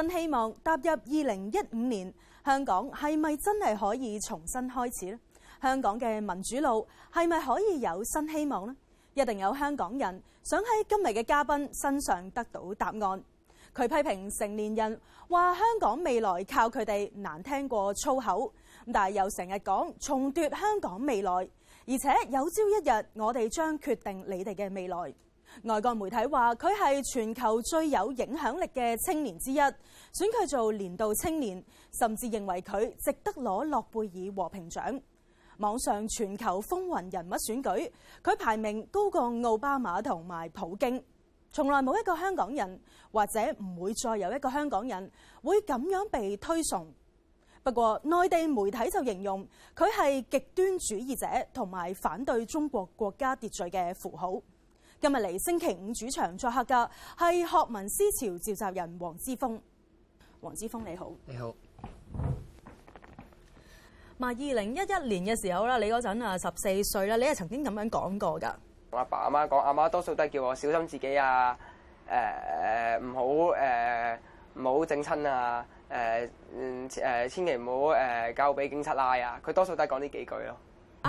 新希望踏入二零一五年，香港係咪真係可以重新開始？香港嘅民主路係咪可以有新希望？一定有香港人想喺今日嘅嘉賓身上得到答案。佢批評成年人話香港未來靠佢哋，難聽過粗口，但又成日講重奪香港未來，而且有朝一日我哋將決定你哋嘅未來。外國媒體話佢係全球最有影響力嘅青年之一，選佢做年度青年，甚至認為佢值得攞諾貝爾和平獎。網上全球風雲人物選舉，佢排名高過奧巴馬同埋普京，從來冇一個香港人或者唔會再有一個香港人會咁樣被推崇。不過，內地媒體就形容佢係極端主義者同埋反對中國國家秩序嘅符號。今日嚟星期五主場作客嘅係學民思潮召集人黃之鋒。黃之鋒，你好。你好。嗱，二零一一年嘅時候啦，你嗰陣啊十四歲啦，你係曾經咁樣講過噶。同阿爸阿媽講，阿媽多數都係叫我小心自己啊，誒誒唔好誒唔、呃、好整親啊，誒、呃、誒千祈唔好誒交俾警察拉啊，佢多數都係講呢幾句咯。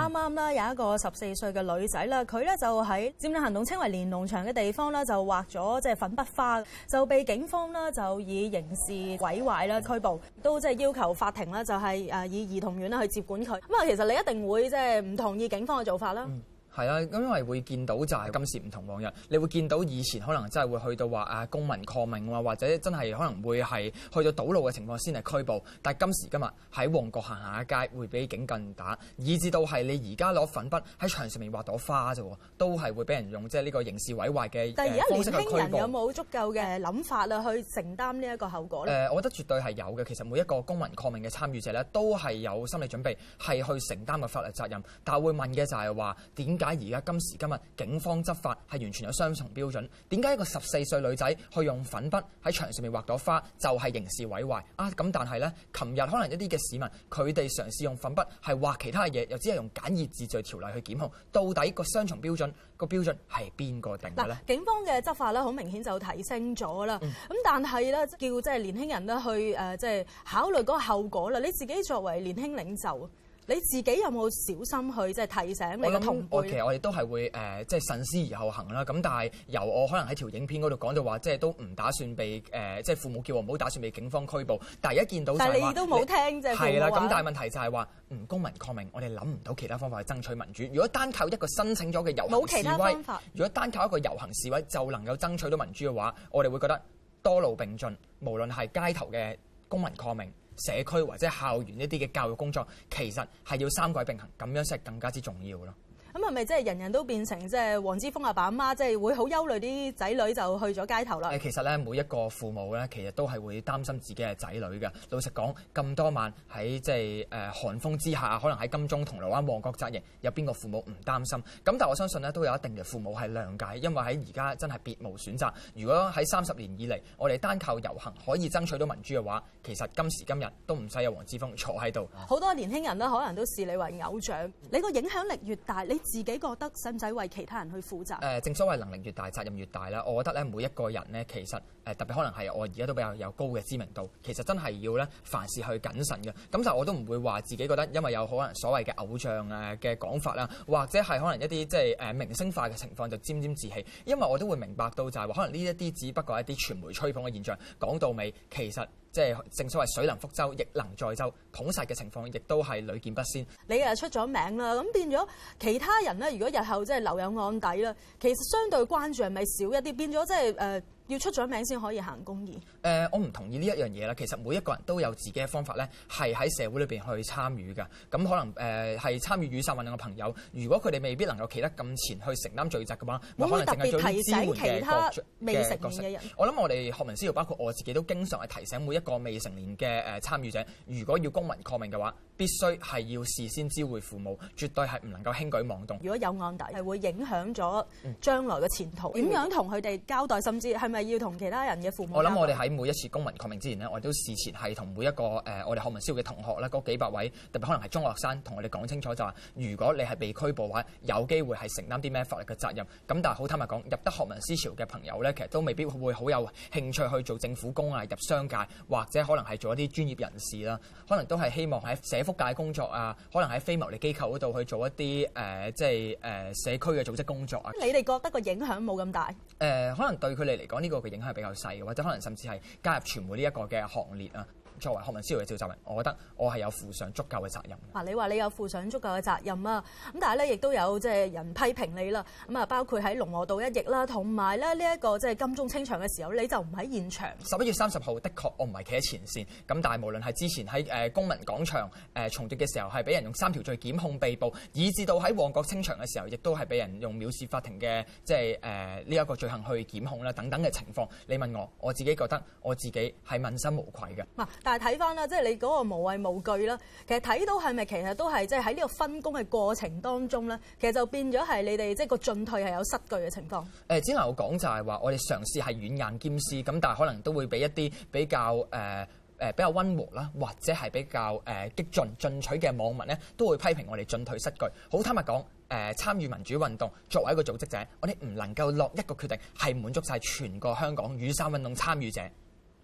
啱啱啦，剛剛有一個十四歲嘅女仔啦，佢咧就喺佔領行動稱為連儂牆嘅地方啦，就畫咗即係粉筆花，就被警方啦就以刑事毀壞啦拘捕，都即係要求法庭啦就係以兒童院啦去接管佢。咁啊，其實你一定會即係唔同意警方嘅做法啦。嗯係啊，咁因為會見到就係今時唔同往日，你會見到以前可能真係會去到話啊公民抗命啊，或者真係可能會係去到堵路嘅情況先係拘捕，但係今時今日喺旺角行下街會俾警棍打，以至到係你而家攞粉筆喺牆上面畫朵花啫，都係會俾人用即係呢個刑事毀壞嘅方式去拘捕。年輕人有冇足夠嘅諗法去承擔這效呢一個後果咧？誒，我覺得絕對係有嘅。其實每一個公民抗命嘅參與者咧，都係有心理準備係去，去承擔個法律責任，但係會問嘅就係話點解？而家今時今日，警方執法係完全有雙重標準。點解一個十四歲女仔去用粉筆喺牆上面畫咗花就係、是、刑事毀壞啊？咁但係呢，琴日可能一啲嘅市民佢哋嘗試用粉筆係畫其他嘢，又只係用簡易字序條例去檢控。到底個雙重標準、個標準係邊個定嘅咧？警方嘅執法咧，好明顯就提升咗啦。咁、嗯、但係咧，叫即係年輕人呢去誒，即係考慮個後果啦。你自己作為年輕領袖。你自己有冇小心去即係提醒你嘅同伴？我其實、OK，我哋都係會誒即係慎思而後行啦。咁但係由我可能喺條影片嗰度講到話，即、就、係、是、都唔打算被誒即係父母叫我唔好打算被警方拘捕。但係一見到就係、是、你都冇聽啫，父母話係，係啦。咁但係問題就係話，唔公民抗命，我哋諗唔到其他方法去爭取民主。如果單靠一個申請咗嘅遊行示威，如果單靠一個遊行示威就能夠爭取到民主嘅話，我哋會覺得多路並進，無論係街頭嘅公民抗命，社區或者校園呢啲嘅教育工作，其實係要三軌並行，咁樣先係更加之重要咯。咁係咪即係人人都變成即係黃之鋒阿爸阿媽，即係會好憂慮啲仔女就去咗街頭啦？誒，其實咧，每一個父母咧，其實都係會擔心自己嘅仔女嘅。老實講，咁多晚喺即係誒寒風之下，可能喺金鐘銅鑼灣旺角紮營，有邊個父母唔擔心？咁，但係我相信咧，都有一定嘅父母係諒解，因為喺而家真係別無選擇。如果喺三十年以嚟，我哋單靠游行可以爭取到民主嘅話，其實今時今日都唔使有黃之鋒坐喺度。好多年輕人咧，可能都視你為偶像。你個影響力越大，你。自己覺得使唔使為其他人去負責？呃，正所謂能力越大，責任越大啦。我覺得咧，每一個人咧，其實、呃、特別可能係我而家都比較有高嘅知名度，其實真係要咧，凡事去謹慎嘅。咁就我都唔會話自己覺得，因為有可能所謂嘅偶像誒嘅講法啦，或者係可能一啲即係呃明星化嘅情況就沾沾自喜。因為我都會明白到就係話可能呢一啲只不過係一啲傳媒吹捧嘅現象。講到尾，其實。即係正所謂水能覆舟，亦能載舟，捧殺嘅情況亦都係屢見不鮮。你啊出咗名啦，咁變咗其他人咧，如果日後即係留有案底啦，其實相對關注係咪少一啲？變咗即係誒。呃要出咗名先可以行公義。呃、我唔同意呢一樣嘢啦。其實每一個人都有自己嘅方法咧，係喺社會裏面去參與㗎。咁可能係、呃、參與雨傘運動嘅朋友，如果佢哋未必能夠企得咁前去承擔罪責嘅話，唔可以特別提醒其他未成年嘅人。我諗我哋學民思潮，包括我自己都經常係提醒每一個未成年嘅誒參與者，如果要公民抗命嘅話，必須係要事先知會父母，絕對係唔能夠輕舉妄動。如果有案底，係會影響咗將來嘅前途，嗯。點樣同佢哋交代？甚至係咪？要同其他人嘅父母，我諗我哋喺每一次公民抗命之前呢，我哋都事前係同每一個誒、呃、我哋學民思潮嘅同學咧，嗰幾百位特別可能係中學生，同我哋講清楚就話、是，如果你係被拘捕嘅話，有機會係承擔啲咩法律嘅責任。咁但係好坦白講，入得學民思潮嘅朋友呢，其實都未必會好有興趣去做政府工啊，入商界或者可能係做一啲專業人士啦，可能都係希望喺社福界工作啊，可能喺非牟利機構嗰度去做一啲誒、呃、即係誒、呃、社區嘅組織工作啊。你哋覺得個影響冇咁大？誒、呃，可能對佢哋嚟講呢？呢個嘅影響係比較細嘅，或者可能甚至係加入傳媒呢一個嘅行列啊。作為學民思潮嘅召集人，我覺得我係有負上足夠嘅責任。嗱，你話你有負上足夠嘅責任啊？咁但係咧亦都有即係人批評你啦。咁啊，包括喺龍和道一役啦，同埋咧呢一個即係金鐘清場嘅時候，你就唔喺現場。十一月三十號，的確我唔係企喺前線。咁但係無論係之前喺誒公民廣場誒重奪嘅時候，係俾人用三條罪檢控被捕，以至到喺旺角清場嘅時候，亦都係俾人用藐視法庭嘅即係誒呢一個罪行去檢控啦，等等嘅情況。你問我，我自己覺得我自己係問心無愧嘅。但係睇翻啦，即係你嗰個無畏無懼啦，其實睇到係咪其實都係即係喺呢個分工嘅過程當中咧，其實就變咗係你哋即係個進退係有失據嘅情況。誒、呃，只能夠講就係話，我哋嘗試係軟硬兼施，咁但係可能都會俾一啲比較誒誒、呃呃、比較溫和啦，或者係比較誒、呃、激進進取嘅網民咧，都會批評我哋進退失據。好坦白講，誒、呃、參與民主運動作為一個組織者，我哋唔能夠落一個決定係滿足晒全個香港雨傘運動參與者。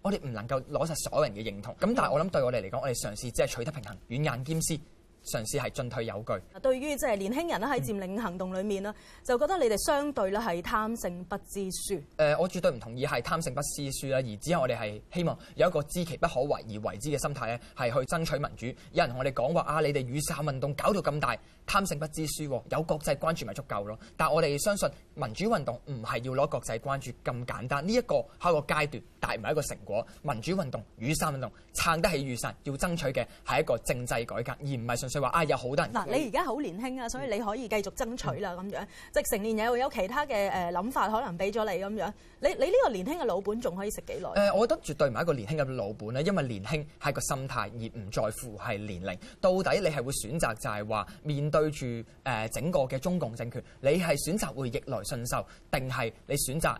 我哋唔能夠攞晒所有人嘅認同，咁但係我諗對我哋嚟講，我哋嘗試只係取得平衡，軟硬兼施。嘗試係進退有據。對於即係年輕人咧，喺佔領行動裏面咧，嗯、就覺得你哋相對咧係貪勝不知輸。誒、呃，我絕對唔同意係貪勝不知輸啦，而只有我哋係希望有一個知其不可為而為之嘅心態咧，係去爭取民主。有人同我哋講話啊，你哋雨傘運動搞到咁大，貪勝不知輸，有國際關注咪足夠咯？但我哋相信民主運動唔係要攞國際關注咁簡單，呢一個係一個階段，但唔係一個成果。民主運動，雨傘運動撐得起雨傘，要爭取嘅係一個政制改革，而唔係純話啊，有好多人。嗱，你而家好年輕啊，所以你可以繼續爭取啦，咁、嗯、樣。即成年人會有其他嘅誒諗法，可能俾咗你咁樣。你你呢個年輕嘅老本仲可以食幾耐？誒、呃，我覺得絕對唔係一個年輕嘅老本咧，因為年輕係個心態，而唔在乎係年齡。到底你係會選擇就係話面對住誒整個嘅中共政權，你係選擇會逆來順受，定係你選擇？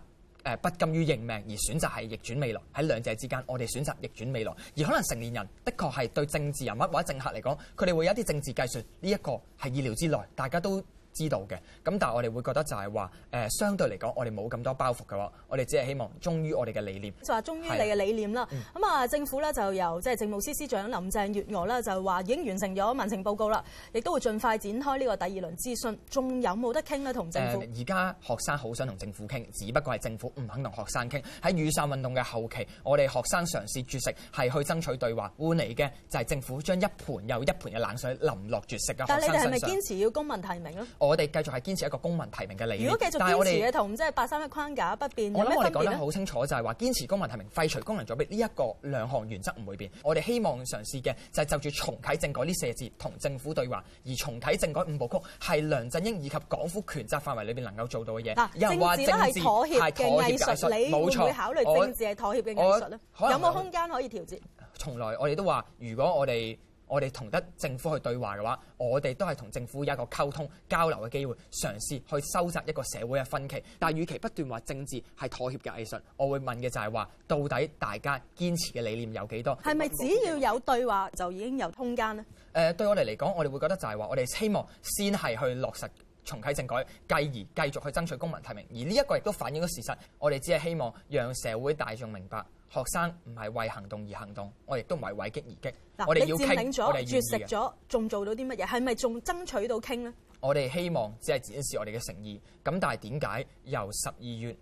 誒不甘於認命，而選擇係逆轉未來，喺兩者之間，我哋選擇逆轉未來。而可能成年人的確係對政治人物或者政客嚟講，佢哋會有一啲政治計算，呢一個係意料之內，大家都。知道嘅，咁但係我哋會覺得就係話誒，相對嚟講，我哋冇咁多包袱嘅喎，我哋只係希望忠於我哋嘅理念，就話忠於你嘅理念啦。咁啊的，政府呢就由即係、就是、政務司司長林鄭月娥咧就話已經完成咗民情報告啦，亦都會盡快展開呢個第二輪諮詢，仲有冇得傾呢？同政府？而家、呃、學生好想同政府傾，只不過係政府唔肯同學生傾。喺雨傘運動嘅後期，我哋學生嘗試絕食，係去爭取對話，換嚟嘅就係政府將一盆又一盆嘅冷水淋落絕食嘅學生身上。但係你哋係咪堅持要公民提名咧？我哋繼續係堅持一個公民提名嘅理念，如果繼續堅持，但係我哋嘅同即係八三一框架不變。我諗我哋講得好清楚，就係話堅持公民提名、廢除功能組別呢一個兩項原則唔會變。我哋希望嘗試嘅就係就住重啟政改呢四字同政府對話，而重啟政改五部曲係梁振英以及港府權責範圍裏邊能夠做到嘅嘢。啊、有人話政治咧係妥協嘅藝術，是藝術，你會唔會考慮政治係妥協嘅藝術咧？有冇空間可以調節？從來我哋都話，如果我哋我哋同得政府去對話嘅話，我哋都係同政府有一個溝通交流嘅機會，嘗試去收窄一個社會嘅分歧。但與其不斷話政治係妥協嘅藝術，我會問嘅就係話到底大家堅持嘅理念有幾多？係咪只要有對話就已經有空間呢？誒，對我哋嚟講，我哋會覺得就係話，我哋希望先係去落實重啟政改，繼而繼續去爭取公民提名。而呢一個亦都反映咗事實，我哋只係希望讓社會大眾明白。學生唔係為行動而行動，我亦都唔係為激而激。喏你佔領咗絕食咗，仲做到啲乜嘢？係咪仲爭取到傾呢？我哋希望只係展示我哋嘅誠意。咁但係點解由十二月、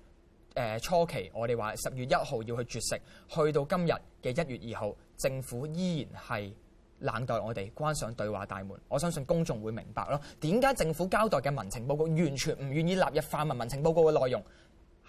呃、初期，我哋話十月一號要去絕食，去到今日嘅一月二號，政府依然係冷待我哋，關上對話大門。我相信公眾會明白咯。點解政府交代嘅民情報告完全唔願意納入泛民民情報告嘅內容？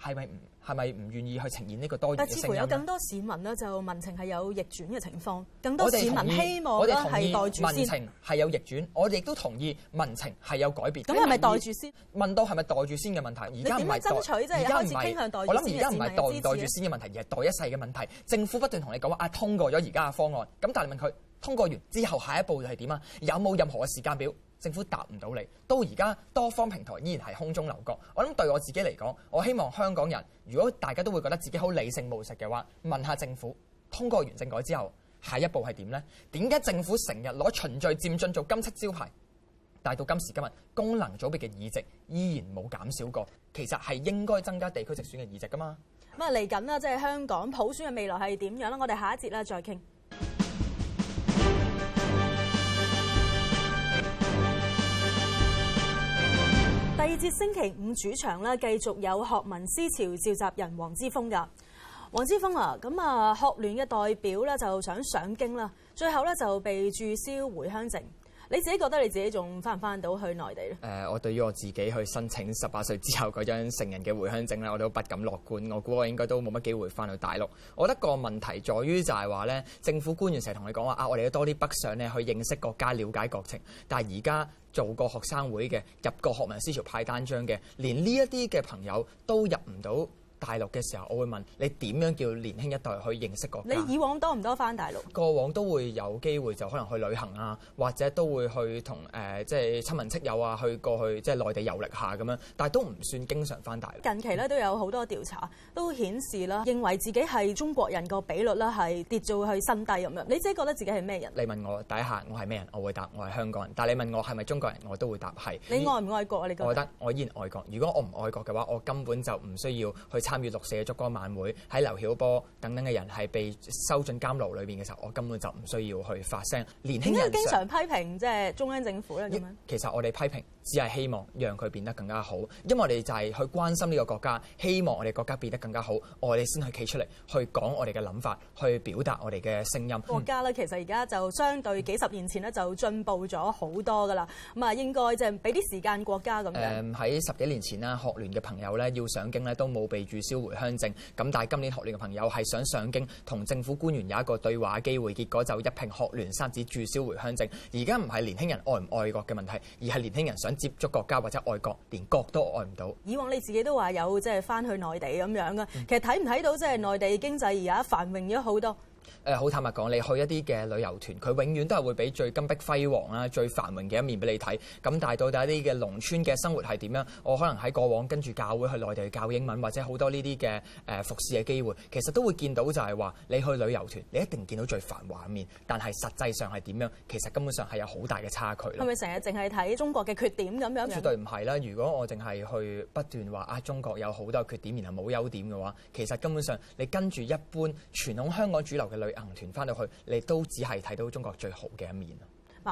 係咪唔咪唔願意去呈現呢個多元嘅聲音？但似乎有更多市民咧，就民情係有逆轉嘅情況。更多市民我哋同意希望咧係待住先，民情係有逆轉，我哋亦都同意民情係有改變。咁係咪待住先？問到係咪待住先嘅問題，而家唔係。而家唔係。我諗而家唔係待唔待住先嘅問題，而係待一世嘅問題。政府不斷同你講話啊，通過咗而家嘅方案。咁但係問佢通過完之後下一步係點啊？有冇任何嘅時間表？政府答唔到你，到而家多方平台依然係空中樓閣。我諗對我自己嚟講，我希望香港人，如果大家都會覺得自己好理性務實嘅話，問下政府，通過完政改之後下一步係點咧？點解政府成日攞循序漸進做金漆招牌？但係到今時今日，功能組別嘅議席依然冇減少過，其實，係應該增加地區直選嘅議席噶嘛？咁啊，嚟緊啦，即係香港普選嘅未來係點樣啦？我哋下一節啦，再傾。第二節星期五主場啦，繼續有學民思潮召集人黃之鋒㗎。黃之鋒啊，咁啊學聯嘅代表咧就想上京啦，最後咧就被註銷回鄉證。你自己覺得你自己仲翻唔翻到去內地咧？誒、呃，我對於我自己去申請十八歲之後嗰張成人嘅回鄉證咧，我都不敢樂觀。我估我應該都冇乜機會翻到大陸。我覺得個問題在於就係話咧，政府官員成日同你講話啊，我哋都多啲北上咧去認識國家、了解國情，但係而家，做過學生會嘅，入過學民思潮派單張嘅，連呢一啲嘅朋友都入唔到。大陸嘅時候，我會問你點樣叫年輕一代去認識國家？你以往多唔多返大陸？過往都會有機會就可能去旅行啊，或者都會去同誒、呃、即係親朋戚友啊去過去即係內地遊歷一下咁樣，但都唔算經常返大陸。近期咧都有好多調查都顯示啦，認為自己係中國人個比率咧係跌咗去新低咁樣。你自己覺得自己係咩人？你問我第一下，我係咩人？我會答我係香港人。但你問我係咪中國人，我都會答係。你愛唔愛國，你覺得呢？我覺得我依然愛國。如果我唔愛國嘅話，我根本就唔需要去。參與六四嘅燭光晚會，喺劉曉波等等嘅人係被收進監牢裏邊嘅時候，我根本就唔需要去發聲。年輕人經常批評即係中央政府啦，咁樣。其實我哋批評，只係希望讓佢變得更加好，因為我哋就係去關心呢個國家，希望我哋國家變得更加好，我哋先去企出嚟去講我哋嘅諗法，去表達我哋嘅聲音。國家呢，其實而家就相對幾十年前呢，就進步咗好多噶啦，咁啊應該就係俾啲時間國家咁樣。喺、嗯、十幾年前啦，學聯嘅朋友呢，要上京呢，都冇被註銷回鄉證，咁但係今年學聯嘅朋友係想上京同政府官員有一個對話機會，結果就一併學聯三子註銷回鄉證。而家唔係年輕人愛唔愛國嘅問題，而係年輕人想。接觸國家或者愛國，連國都愛唔到。以往你自己都話有即係翻去內地咁樣嘅，其實睇唔睇到即係內地經濟而家繁榮咗好多。誒好、呃、坦白講，你去一啲嘅旅遊團，佢永遠都係會俾最金碧輝煌啦、啊、最繁榮嘅一面俾你睇。咁但係到底一啲嘅農村嘅生活係點樣？我可能喺過往跟住教會去內地去教英文，或者好多呢啲嘅誒服侍嘅機會，其實都會見到就係話你去旅遊團，你一定見到最繁華面，但係實際上係點樣？其實根本上係有好大嘅差距。係咪成日淨係睇中國嘅缺點咁樣？絕對唔係啦！如果我淨係去不斷話啊，中國有好多缺點，然後冇優點嘅話，其實根本上你跟住一般傳統香港主流嘅。旅行團翻到去，你都只係睇到中國最好嘅一面。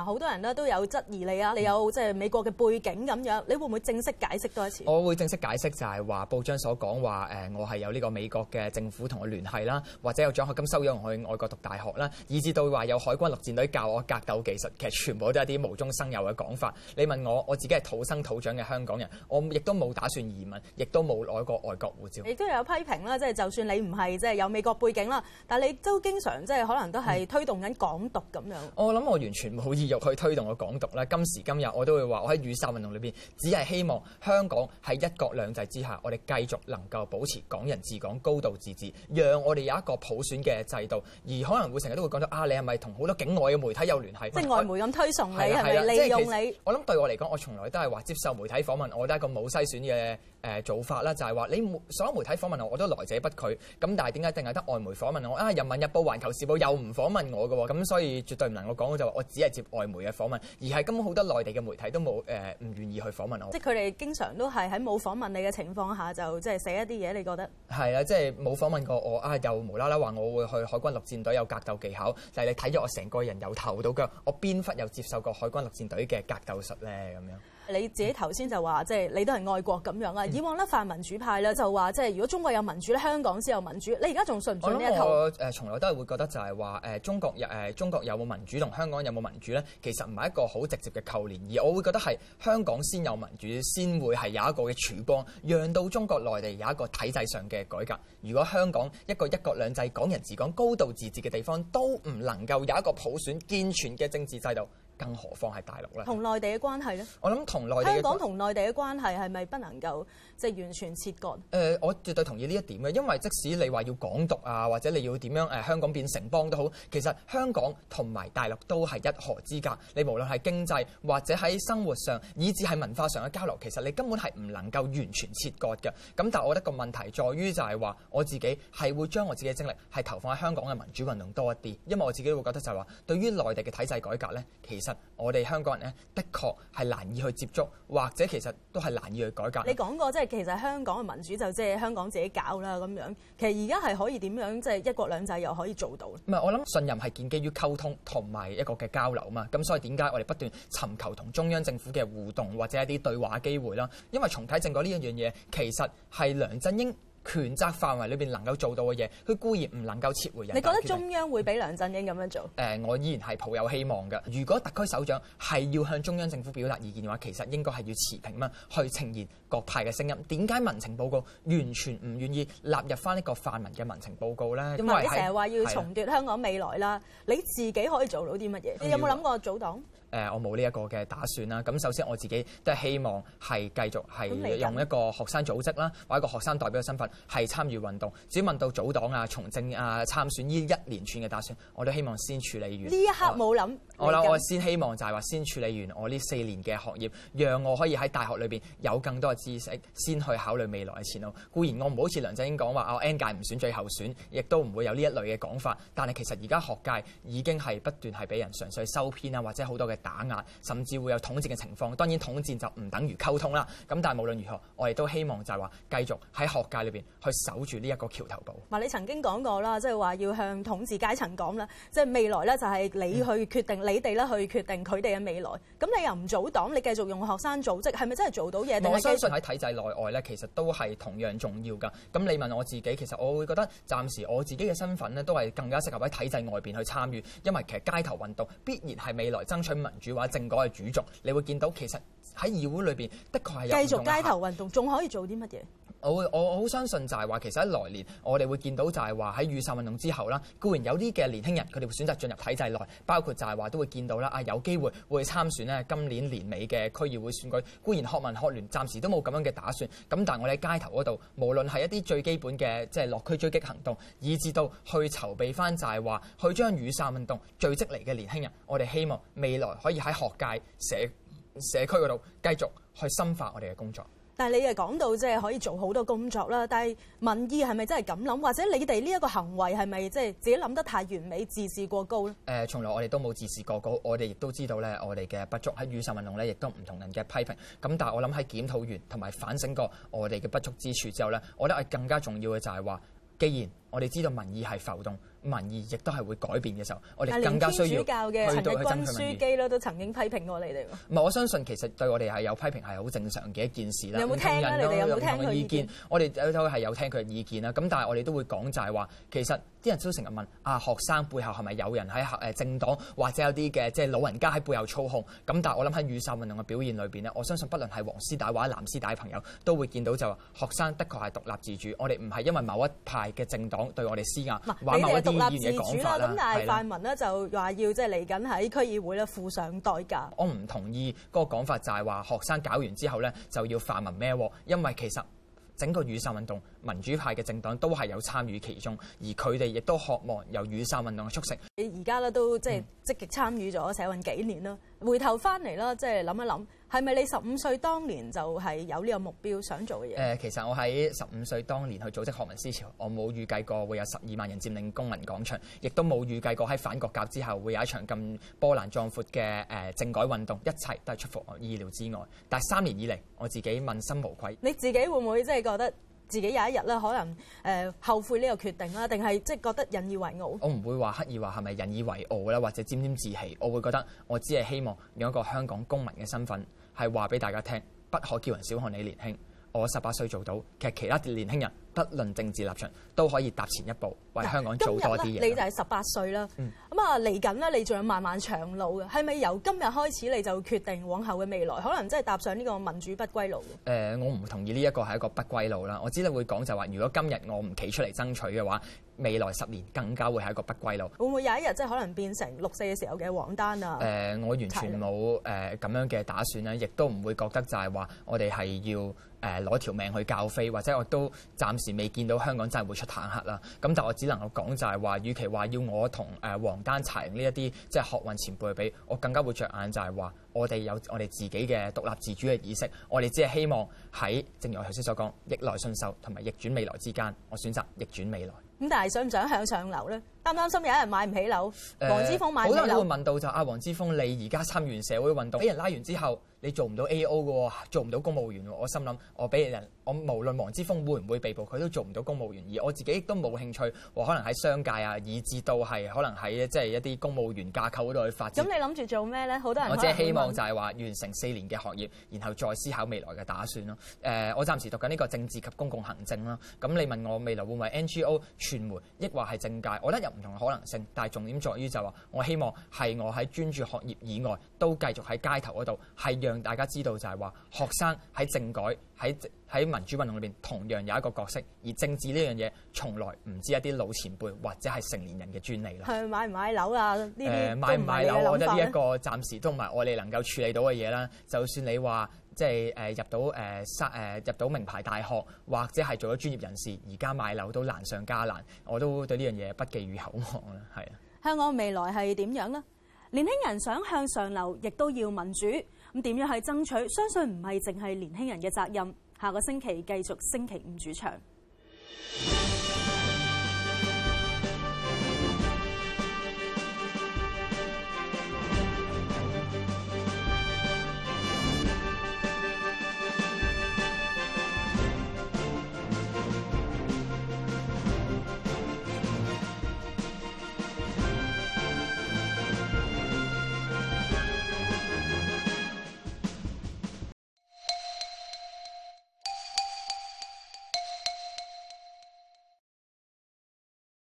好多人呢都有質疑你啊，你有即係美國嘅背景咁樣，你會唔會正式解釋多一次？我會正式解釋就係話報章所講話誒，我係有呢個美國嘅政府同我聯繫啦，或者有獎學金收養我去外國讀大學啦，以至到話有海軍陸戰隊教我格鬥技術，其實全部都係啲無中生有嘅講法。你問我，我自己係土生土長嘅香港人，我亦都冇打算移民，亦都冇攞過外國護照。亦都有批評啦，即係就算你唔係即係有美國背景啦，但係你都經常即係可能都係推動緊港獨咁樣。嗯、我諗我完全冇意。繼續去推動我港獨咧，今時今日我都會話，我喺雨傘運動裏邊，只係希望香港喺一國兩制之下，我哋繼續能夠保持港人治港、高度自治，讓我哋有一個普選嘅制度。而可能會成日都會講到啊，你係咪同好多境外嘅媒體有聯繫？即係外媒咁推崇你，係咪利用你？我諗對我嚟講，我從來都係話接受媒體訪問，我都係一個冇篩選嘅誒、呃、做法啦。就係、是、話你所有媒體訪問我，我都來者不拒。咁但係點解淨係得外媒訪問我？啊，《人民日報》、《環球時報》又唔訪問我嘅喎，咁所以絕對唔能夠講，我就話我只係接。外媒嘅訪問，而係根本好多內地嘅媒體都冇誒，唔、呃、願意去訪問我。即係佢哋經常都係喺冇訪問你嘅情況下，就即係寫一啲嘢。你覺得係啊，即係冇訪問過我啊，又無啦啦話我會去海軍陸戰隊有格鬥技巧，但係你睇咗我成個人由頭到腳，我邊忽有接受過海軍陸戰隊嘅格鬥術咧咁樣？你自己頭先就話，即係你都係愛國咁樣啊！以往咧泛民主派咧就話，即係如果中國有民主咧，香港先有民主。你而家仲信唔信呢一套？我從從來都係會覺得就係話中，中國有中國有冇民主同香港有冇民主咧，其實唔係一個好直接嘅扣連，而我會覺得係香港先有民主，先會係有一個嘅曙光，讓到中國內地有一個體制上嘅改革。如果香港一個一國兩制、港人治港、高度自治嘅地方都唔能夠有一個普選健全嘅政治制度。更何況係大陸咧，同內地嘅關係呢？我諗同內地香港同內地嘅關係係咪不能夠即係完全切割？呃，我絕對同意呢一點嘅，因為即使你話要港獨啊，或者你要點樣、呃、香港變城邦都好，其實香港同埋大陸都係一河之隔。你無論係經濟或者喺生活上，以至係文化上嘅交流，其實你根本係唔能夠完全切割嘅。咁但係我覺得個問題在於就係話，我自己係會將我自己嘅精力係投放喺香港嘅民主運動多一啲，因為我自己都會覺得就係話，對於內地嘅體制改革呢，其實其實我哋香港人呢，的確係難以去接觸，或者其實都係難以去改革。你講過即係其實香港嘅民主就即係香港自己搞啦咁樣。其實而家係可以點樣即係一國兩制又可以做到？唔係我諗信任係建基於溝通同埋一個嘅交流嘛。咁所以點解我哋不斷尋求同中央政府嘅互動或者一啲對話機會啦？因為重啟政改呢一樣嘢，其實係梁振英。權責範圍裏邊能夠做到嘅嘢，佢固然唔能夠撤回人。你覺得中央會俾梁振英咁樣做？誒，我依然係抱有希望嘅。如果特區首長係要向中央政府表達意見嘅話，其實應該係要持平啦，去呈現各派嘅聲音。點解民情報告完全唔願意納入翻呢個泛民嘅民情報告咧？因為你成日話要重奪香港未來啦，你自己可以做到啲乜嘢？你有冇諗過組黨？我冇呢一個嘅打算啦。咁首先我自己都係希望係繼續係用一個學生組織啦，或一個學生代表嘅身份係參與運動。至於問到組黨啊、從政啊、參選呢一連串嘅打算，我都希望先處理完。呢一刻冇諗。我我先希望就係話先處理完我呢四年嘅學業，讓我可以喺大學裏面有更多嘅知識，先去考慮未來嘅前路。固然我唔好似梁振英講話我 N 屆唔選最後選，亦都唔會有呢一類嘅講法。但係其實而家學界已經係不斷係俾人純粹收編啊，或者好多嘅。打壓，甚至會有統戰嘅情況。當然統戰就唔等於溝通啦。咁但係無論如何，我哋都希望就係話繼續喺學界裏邊去守住呢一個橋頭堡。嗱，你曾經講過啦，即係話要向統治階層講啦，即係未來呢就係你去決定，嗯、你哋呢去決定佢哋嘅未來。咁你又唔組黨，你繼續用學生組織，係咪真係做到嘢？我相信喺體制內外呢，其實都係同樣重要㗎。咁你問我自己，其實我會覺得暫時我自己嘅身份呢，都係更加適合喺體制外邊去參與，因為其實街頭運動必然係未來爭取。民主或者政改嘅主軸，你會見到其實喺議會裏邊的確係有繼續街頭運動，仲可以做啲乜嘢？我會，我我好相信就係話，其實喺來年，我哋會見到就係話喺雨傘運動之後啦，固然有啲嘅年輕人佢哋會選擇進入體制內，包括就係話都會見到啦，啊有機會會參選呢今年年尾嘅區議會選舉，固然學民學聯暫時都冇咁樣嘅打算，咁但係我哋喺街頭嗰度，無論係一啲最基本嘅即係落區追擊行動，以至到去籌備翻就係話去將雨傘運動聚集嚟嘅年輕人，我哋希望未來可以喺學界社社區嗰度繼續去深化我哋嘅工作。但係你又講到即係可以做好多工作啦，但係民意係咪真係咁諗？或者你哋呢一個行為係咪即係自己諗得太完美、自視過高呢？誒、呃，從來我哋都冇自視過高，我哋亦都知道呢，我哋嘅不足喺雨傘運動呢亦都唔同人嘅批評。咁但係我諗喺檢討完同埋反省過我哋嘅不足之處之後呢，我覺得係更加重要嘅就係話，既然我哋知道民意係浮動。民意亦都係會改變嘅時候，我哋更加需要去到爭取。教嘅陳日君樞機啦，都曾經批評過你哋。唔係，我相信其實對我哋係有批評係好正常嘅一件事啦。你有冇聽咧人？你哋有冇聽佢？我哋都有聽佢嘅意見啦。咁但係我哋都會講就係話，其實啲人都成日問啊，學生背後係咪有人喺誒政黨或者有啲嘅即係老人家喺背後操控？咁但係我諗喺雨傘運動嘅表現裏邊咧，我相信不論係黃絲帶或者藍絲帶嘅朋友，都會見到就話學生的確係獨立自主。我哋唔係因為某一派嘅政黨對我哋施壓，玩某一啲。立自主啦，咁但係泛民呢就話要即係嚟緊喺區議會咧，負上代價。我唔同意嗰個講法，就係話學生搞完之後咧，就要泛民孭鑊，因為其實整個雨傘運動民主派嘅政黨都係有參與其中，而佢哋亦都渴望有雨傘運動嘅促成。你而家咧，都即係積極參與咗社運幾年啦，回頭返嚟啦，即係諗一諗。係咪你十五歲當年就係有呢個目標想做嘅嘢？誒、呃，其實我喺十五歲當年去組織學民思潮，我冇預計過會有十二萬人佔領公民廣場，亦都冇預計過喺反國教之後會有一場咁波瀾壯闊嘅誒、呃、政改運動，一切都係出乎我意料之外。但係三年以嚟，我自己問心無愧。你自己會唔會即係覺得？自己有一日咧，可能誒後悔呢個決定啦，定係即係覺得引以為傲？我唔會話刻意話係咪引以為傲啦，或者沾沾自喜。我會覺得我只係希望用一個香港公民嘅身份，係話俾大家聽，不可叫人小看你年輕，我十八歲做到，其實其他啲年輕人。不論政治立場，都可以踏前一步，為香港做多啲嘢。今日你就係十八歲啦，嗯，咁啊嚟緊啦，你仲有漫漫長路嘅。係咪由今日開始你就決定往後嘅未來？可能真係踏上呢個民主不歸路。誒、呃，我唔同意呢一個係一個不歸路啦。我只能會講就話、是，如果今日我唔企出嚟爭取嘅話。未來十年更加會係一個不歸路，會唔會有一日即係可能變成六四嘅時候嘅王丹啊？誒、呃，我完全冇誒咁樣嘅打算咧，亦都唔會覺得就係話我哋係要誒攞條命去教飛，或者我都暫時未見到香港真係會出坦克啦。咁但我只能夠講就係話，與其話要我同誒王丹、柴玲呢一啲即係學運前輩比，我更加會着眼就係話我哋有我哋自己嘅獨立自主嘅意識。我哋只係希望喺正如我頭先所講逆來順受同埋逆轉未來之間，我選擇逆轉未來。咁但係想唔想向上流呢？擔擔心有人買唔起樓，呃、黃之鋒買唔起樓。好多人會問到就阿、是啊、黃之鋒，你而家參與完社會運動，俾人拉完之後，你做唔到 A.O. 喎，做唔到公務員喎。我心諗，我俾人，我無論黃之鋒會唔會被捕，佢都做唔到公務員，而我自己亦都冇興趣可能喺商界啊，以至到係可能喺即、就是、一啲公務員架構嗰度去發展。咁你諗住做咩咧？好多人我只係希望就係話完成四年嘅學業，然後再思考未來嘅打算咯、呃。我暫時讀緊呢個政治及公共行政啦。咁你問我未來會唔會 N.G.O.、傳媒，抑或係政界，我覺得唔同嘅可能性，但係重點在於就話，我希望係我喺專注學業以外，都繼續喺街頭嗰度，係讓大家知道就係話學生喺政改喺喺民主運動裏邊同樣有一個角色。而政治呢樣嘢，從來唔知一啲老前輩或者係成年人嘅專利啦。係買唔買樓啊？呢啲買唔買樓，我覺得呢一個暫時都唔係我哋能夠處理到嘅嘢啦。就算你話，即係誒入到誒生入到名牌大學，或者係做咗專業人士，而家買樓都難上加難，我都對呢樣嘢不寄予厚望。係啊，香港未來係點樣呢？年輕人想向上流，亦都要民主。咁點樣係爭取？相信唔係淨係年輕人嘅責任。下個星期繼續星期五主場。